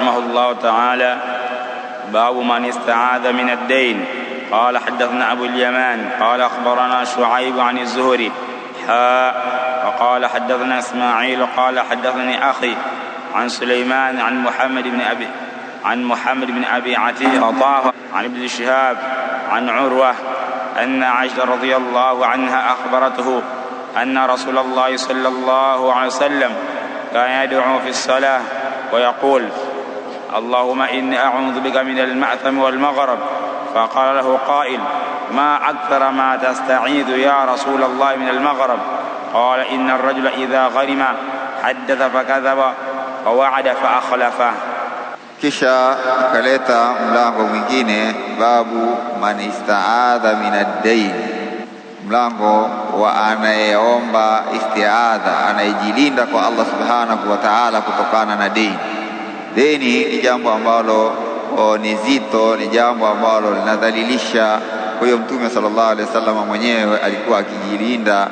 رحمه الله تعالى باب من استعاذ من الدين قال حدثنا أبو اليمان قال أخبرنا شعيب عن الزهري حاء وقال حدثنا إسماعيل قال حدثني أخي عن سليمان عن محمد بن أبي عن محمد بن أبي عتيق طه عن ابن شهاب عن عروة أن عائشة رضي الله عنها أخبرته أن رسول الله صلى الله عليه وسلم كان يدعو في الصلاة ويقول اللهم إني أعوذ بك من المعثم والمغرب فقال له قائل ما أكثر ما تستعيذ يا رسول الله من المغرب قال إن الرجل إذا غرم حدث فكذب ووعد فأخلف كشا كليتا ملاقو مكينة باب من استعاذ من الدين ملاقو وأنا يومبا استعاذ أنا يجيلين الله سبحانه وتعالى كتقانا ندين دين Deni ni jambo ambalo ni zito, ni jambo ambalo linadhalilisha. Kwa hiyo Mtume sallallahu alaihi wasallam mwenyewe alikuwa akijilinda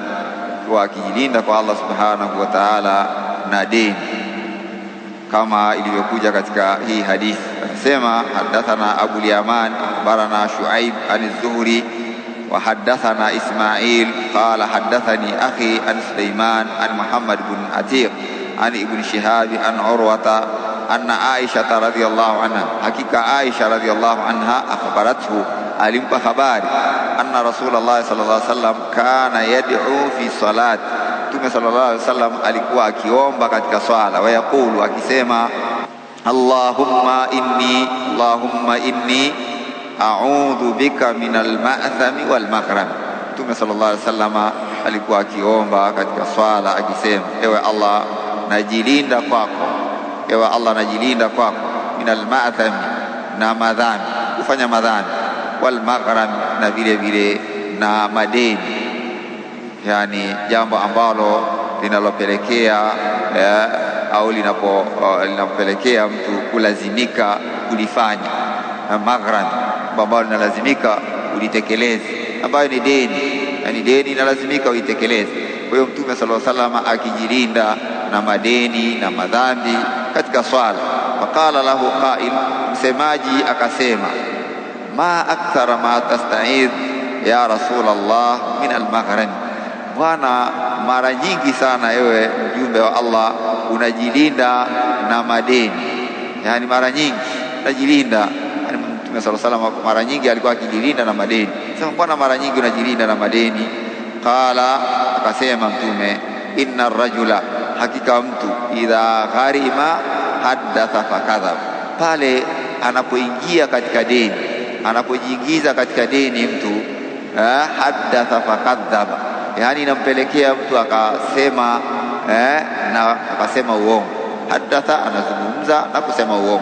kwa akijilinda kwa Allah subhanahu wa ta'ala na deni, kama ilivyokuja katika hii hadithi. Anasema hadathana Abu Yaman akhbarana Shuaib an Zuhri wa hadathana Ismail qala hadathani akhi an Sulaiman an Muhammad ibn Atiq an ibn Shihab an Urwata anna Aisha radhiyallahu anha, hakika Aisha radhiyallahu anha akhbarathu, alimpa habari anna Rasulullah sallallahu alaihi wasallam kana yad'u fi salat, Mtume sallallahu alaihi wasallam alikuwa akiomba katika swala, wayaqulu, akisema Allahumma inni Allahumma inni a'udhu bika minal ma'thami wal maghram. Mtume sallallahu alaihi wasallam alikuwa akiomba katika swala akisema, ewe Allah, najilinda kwako Ewa Allah anajilinda kwako minal madhami, na madhambi, kufanya madhambi, wal na vile vile na madeni, yani jambo ambalo linalopelekea eh, au linapo eh, linapelekea mtu kulazimika kulifanya maghrami, ambalo linalazimika ulitekeleze, ambayo ni deni, yani deni inalazimika uitekeleze. Kwa hiyo Mtume sallallahu alaihi wasallam akijilinda na madeni na madhambi katika swala. Faqala lahu qail, msemaji akasema, ma akthara ma tastaid ya rasul Allah min almaghrib, bwana mara nyingi sana ewe mjumbe wa Allah unajilinda na madeni, yani mara nyingi unajilinda yaani Mtume sallallahu salam mara nyingi alikuwa akijilinda na madeni. Sema bwana, mara nyingi unajilinda na madeni. Qala, akasema Mtume, inna rajula hakika mtu idha gharima haddatha fakadhab, pale anapoingia katika deni, anapojiingiza katika deni mtu eh, haddatha fakadhab, yaani inampelekea mtu akasema eh, na akasema uongo. Haddatha anazungumza na kusema uongo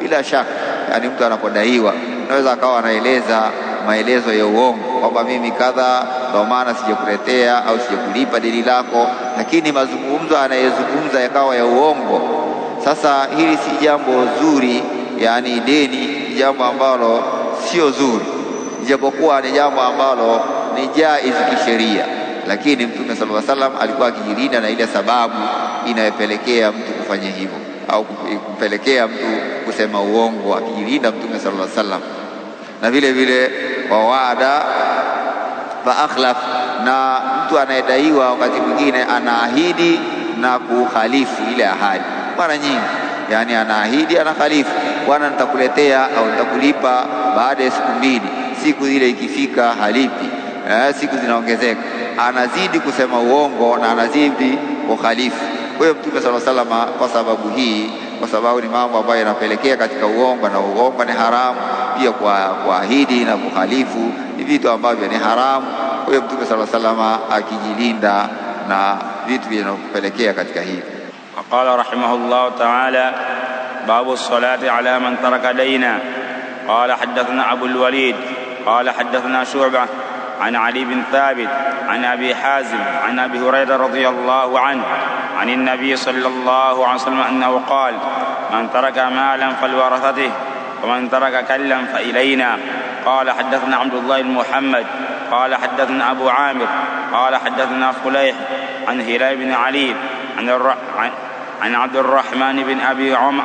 bila shaka, yani mtu anapodaiwa, unaweza akawa anaeleza maelezo ya uongo kwamba mimi kadha ndio maana sijakuletea au sijakulipa deni lako, lakini mazungumzo anayezungumza yakawa ya uongo. Sasa hili si jambo zuri, yani deni ni jambo ambalo sio zuri, ijapokuwa ni jambo ambalo ni jaiz kisheria, lakini Mtume sallallahu alaihi wasallam alikuwa akijilinda na ile sababu inayopelekea mtu kufanya hivyo au kupelekea mtu kusema uongo, akijilinda Mtume sallallahu alaihi wasallam na vile vile wawada fa akhlaf, na mtu anayedaiwa wakati mwingine anaahidi na kukhalifu ile ahadi mara nyingi, yani anaahidi anakhalifu, bwana nitakuletea au nitakulipa baada ya siku mbili, siku ile ikifika halipi eh, siku zinaongezeka, anazidi kusema uongo na anazidi kuhalifu. Kwa hiyo Mtume sallallahu alaihi wasallam kwa sababu hii kwa sababu ni mambo ambayo yanapelekea katika uongo, na uongo ni haramu pia. Kuahidi na kuhalifu ni vitu ambavyo ni haramu. Kwa hiyo Mtume sala salama akijilinda na vitu vinavyopelekea katika hivi. Waqala rahimahullahu taala babu salati ala man taraka daina qala hadathna abul walid qala hadathna shu'bah عن علي بن ثابت عن أبي حازم عن أبي هريرة رضي الله عنه عن النبي صلى الله عليه وسلم أنه قال من ترك مالا فلورثته ومن ترك كلا فإلينا قال حدثنا عبد الله بن محمد قال حدثنا أبو عامر قال حدثنا فليح عن هلال بن علي عن, عن... عن عبد الرحمن بن أبي عمر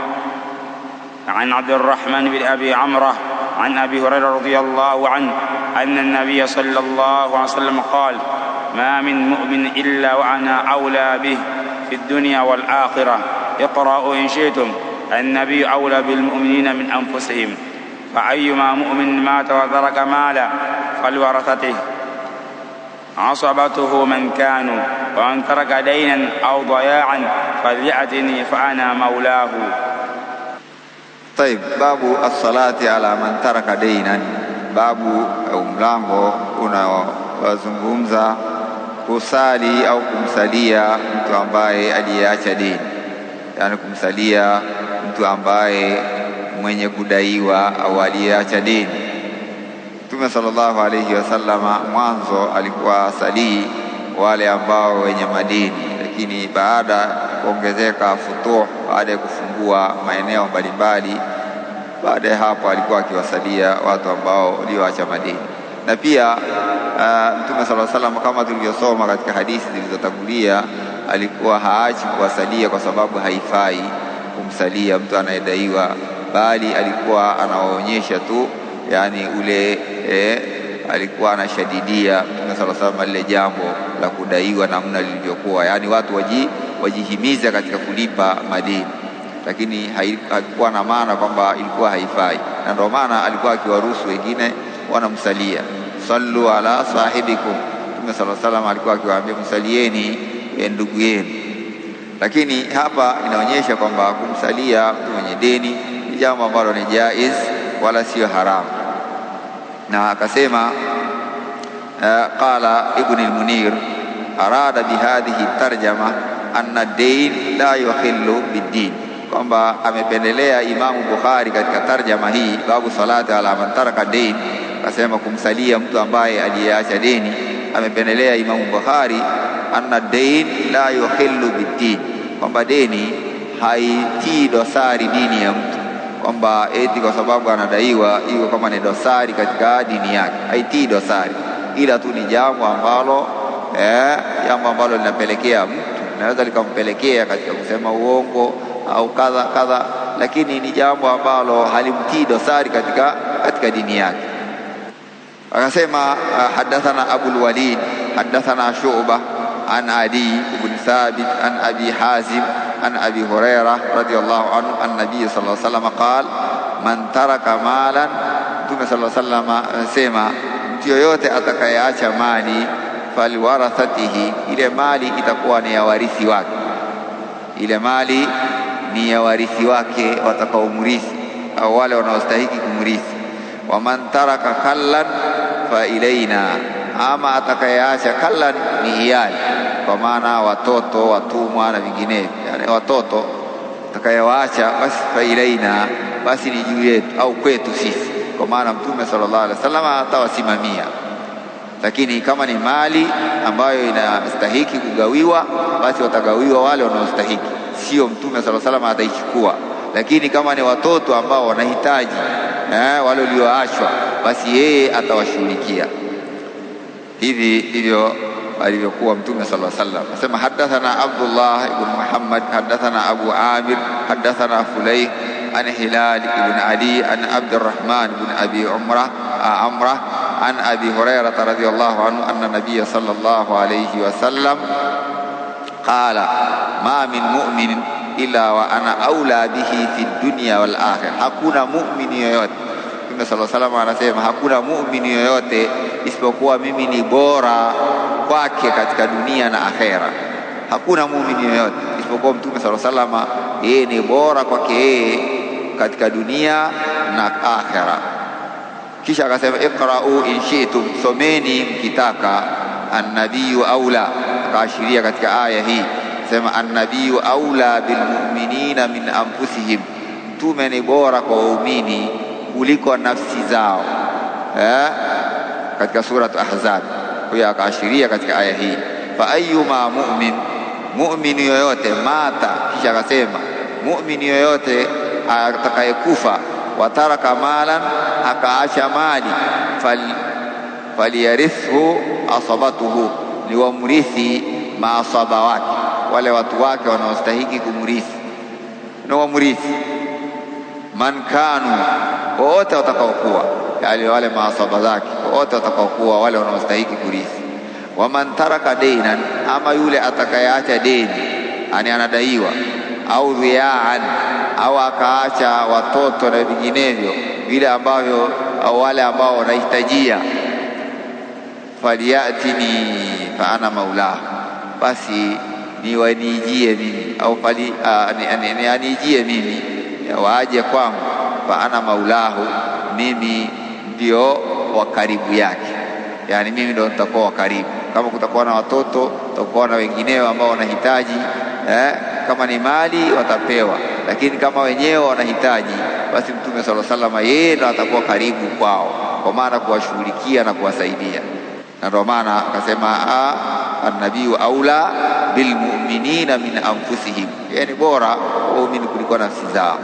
عن عبد الرحمن بن أبي عمره عن أبي هريرة رضي الله عنه أن النبي صلى الله عليه وسلم قال ما من مؤمن إلا وأنا أولى به في الدنيا والآخرة اقرأوا إن شئتم النبي أولى بالمؤمنين من أنفسهم فأيما مؤمن مات وترك مالا فلورثته عصبته من كانوا ومن ترك دينا أو ضياعا فليأتني فأنا مولاه Taib, babu assalati ala man taraka deinan, babu au e, mlango unawazungumza kusali au kumsalia mtu ambaye aliyeacha deni, yani kumsalia mtu ambaye mwenye kudaiwa au aliyeacha deni. Mtume sallallahu alayhi wasallam mwanzo alikuwa asalii wale ambao wenye madeni, lakini baada kuongezeka futuh baada ya kufungua maeneo mbalimbali. Baada ya hapo alikuwa akiwasalia watu ambao walioacha madini, na pia uh, Mtume sala salam kama tulivyosoma katika hadithi zilizotangulia alikuwa haachi kuwasalia kwa sababu haifai kumsalia mtu anayedaiwa, bali alikuwa anawaonyesha tu, yani ule eh, alikuwa anashadidia Mtume sala salam lile jambo la kudaiwa namna lilivyokuwa, yani watu waji wajihimiza katika kulipa madeni, lakini haikuwa na maana kwamba ilikuwa haifai, na ndio maana alikuwa akiwaruhusu wengine wanamsalia. Sallu ala sahibikum, Mtume sala salam alikuwa akiwaambia msalieni e ndugu yenu. Lakini hapa inaonyesha kwamba kumsalia mtu mwenye deni ni jambo ambalo ni jaiz, wala siyo haramu. Na akasema eh, qala Ibn al-Munir arada bihadhihi tarjama anna dain la yuhillu biddin, kwamba amependelea Imamu Bukhari katika tarjama hii babu salati ala man taraka dain, akasema kumsalia mtu ambaye aliyeacha deni. Amependelea Imamu Bukhari anna dain la yuhillu biddin, kwamba deni haitii dosari dini ya mtu, kwamba eti kwa sababu anadaiwa hiyo kama ni dosari katika dini yake, haitii dosari, ila tu ni jambo ambalo eh, jambo ambalo linapelekea mtu linaweza likampelekea katika kusema uongo au kadha kadha, lakini ni jambo ambalo halimtii dosari katika, katika dini yake. Akasema ah, hadathana Abul Walid hadathana Shu'ba an Adi ibn Thabit an Abi Hazim an Abi Hurairah radiyallahu anhu an nabiy sallallahu alayhi wasallam qal man taraka malan, Mtume sallallahu alayhi wasallam anasema eh, mtu yoyote atakayeacha mali falwarathatihi, ile mali itakuwa ni ya warithi wake, ile mali ni ya warithi wake watakaomrithi au wale wanaostahiki kumrithi. Waman taraka kallan fa ilaina, ama atakayeacha kallan ni hiari, kwa maana watoto, watumwa na vinginevyo, yani watoto atakayewaacha basi fa ilaina, basi ni juu yetu au kwetu sisi, kwa maana Mtume sallallahu alaihi wasallam atawasimamia lakini kama ni mali ambayo inastahiki kugawiwa, basi watagawiwa wale wanaostahiki, sio Mtume sala salam ataichukua. Lakini kama ni watoto ambao wanahitaji eh, wale walioachwa, basi yeye atawashughulikia. Hivi ndivyo alivyokuwa Mtume sala salam. asema hadathana Abdullah ibn Muhammad hadathana Abu Amir hadathana Fulayh an Hilal ibn Ali an Abdurrahman ibn Abi Amrah an abi hurairah radhiyallahu anhu anna nabiyya sallallahu alayhi sallam qala ma min mu'minin illa wa ana aula bihi fi dunya wal akhir, hakuna mu'mini yoyote Mtume sallallahu alayhi wasallam anasema hakuna mu'mini yoyote isipokuwa mimi ni bora kwake katika dunia na akhera. Hakuna muumini yoyote isipokuwa Mtume sallallahu alayhi wasallam yeye ni bora kwake yeye katika dunia na akhera. Kisha akasema iqra'u in shi'tum, someni mkitaka. Annabiyu aula, akaashiria katika aya hii sema annabiyu aula bilmuminina min anfusihim, mtume ni bora kwa waumini kuliko nafsi zao eh? katika Surat Ahzab. Huyo akaashiria katika aya hii fa ayyuma mu'min, mu'mini yoyote mata, kisha akasema mu'mini yoyote atakayekufa wataraka malan, akaacha mali faliyarithhu asabatuhu, ni wamrithi maasaba wake, wale watu wake wanaostahiki kumrithi ni wamrithi man kanu, wote watakaokuwa yani wale maasaba zake wote watakaokuwa wale wanaostahiki kurithi. wa man taraka deinan, ama yule atakayeacha deni, ani anadaiwa au dhiaan au akaacha watoto na vinginevyo vile ambavyo au wale ambao wanahitajia, faliyatini fa ana maulahu, basi niwanijie mimi au fali anijie mimi, waaje kwangu, fa ana maulahu, mimi ndio wa karibu yake, yani mimi ndio nitakuwa wa karibu. Kama kutakuwa na watoto, utakuwa na wengineo ambao wanahitaji eh kama ni mali watapewa, lakini kama wenyewe wanahitaji, basi Mtume sala salama yeye ndo atakuwa karibu kwao, kwa maana kuwashughulikia na kuwasaidia. Na ndio maana akasema annabiyu aula bilmuminina min anfusihim, yeye ni bora waumini kuliko nafsi zao,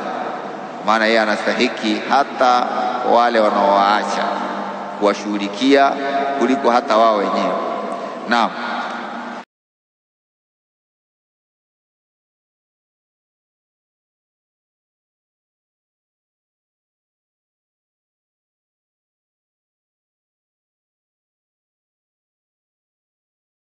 maana yeye anastahiki hata wale wanaowaacha kuwashughulikia kuliko hata wao wenyewe. Naam.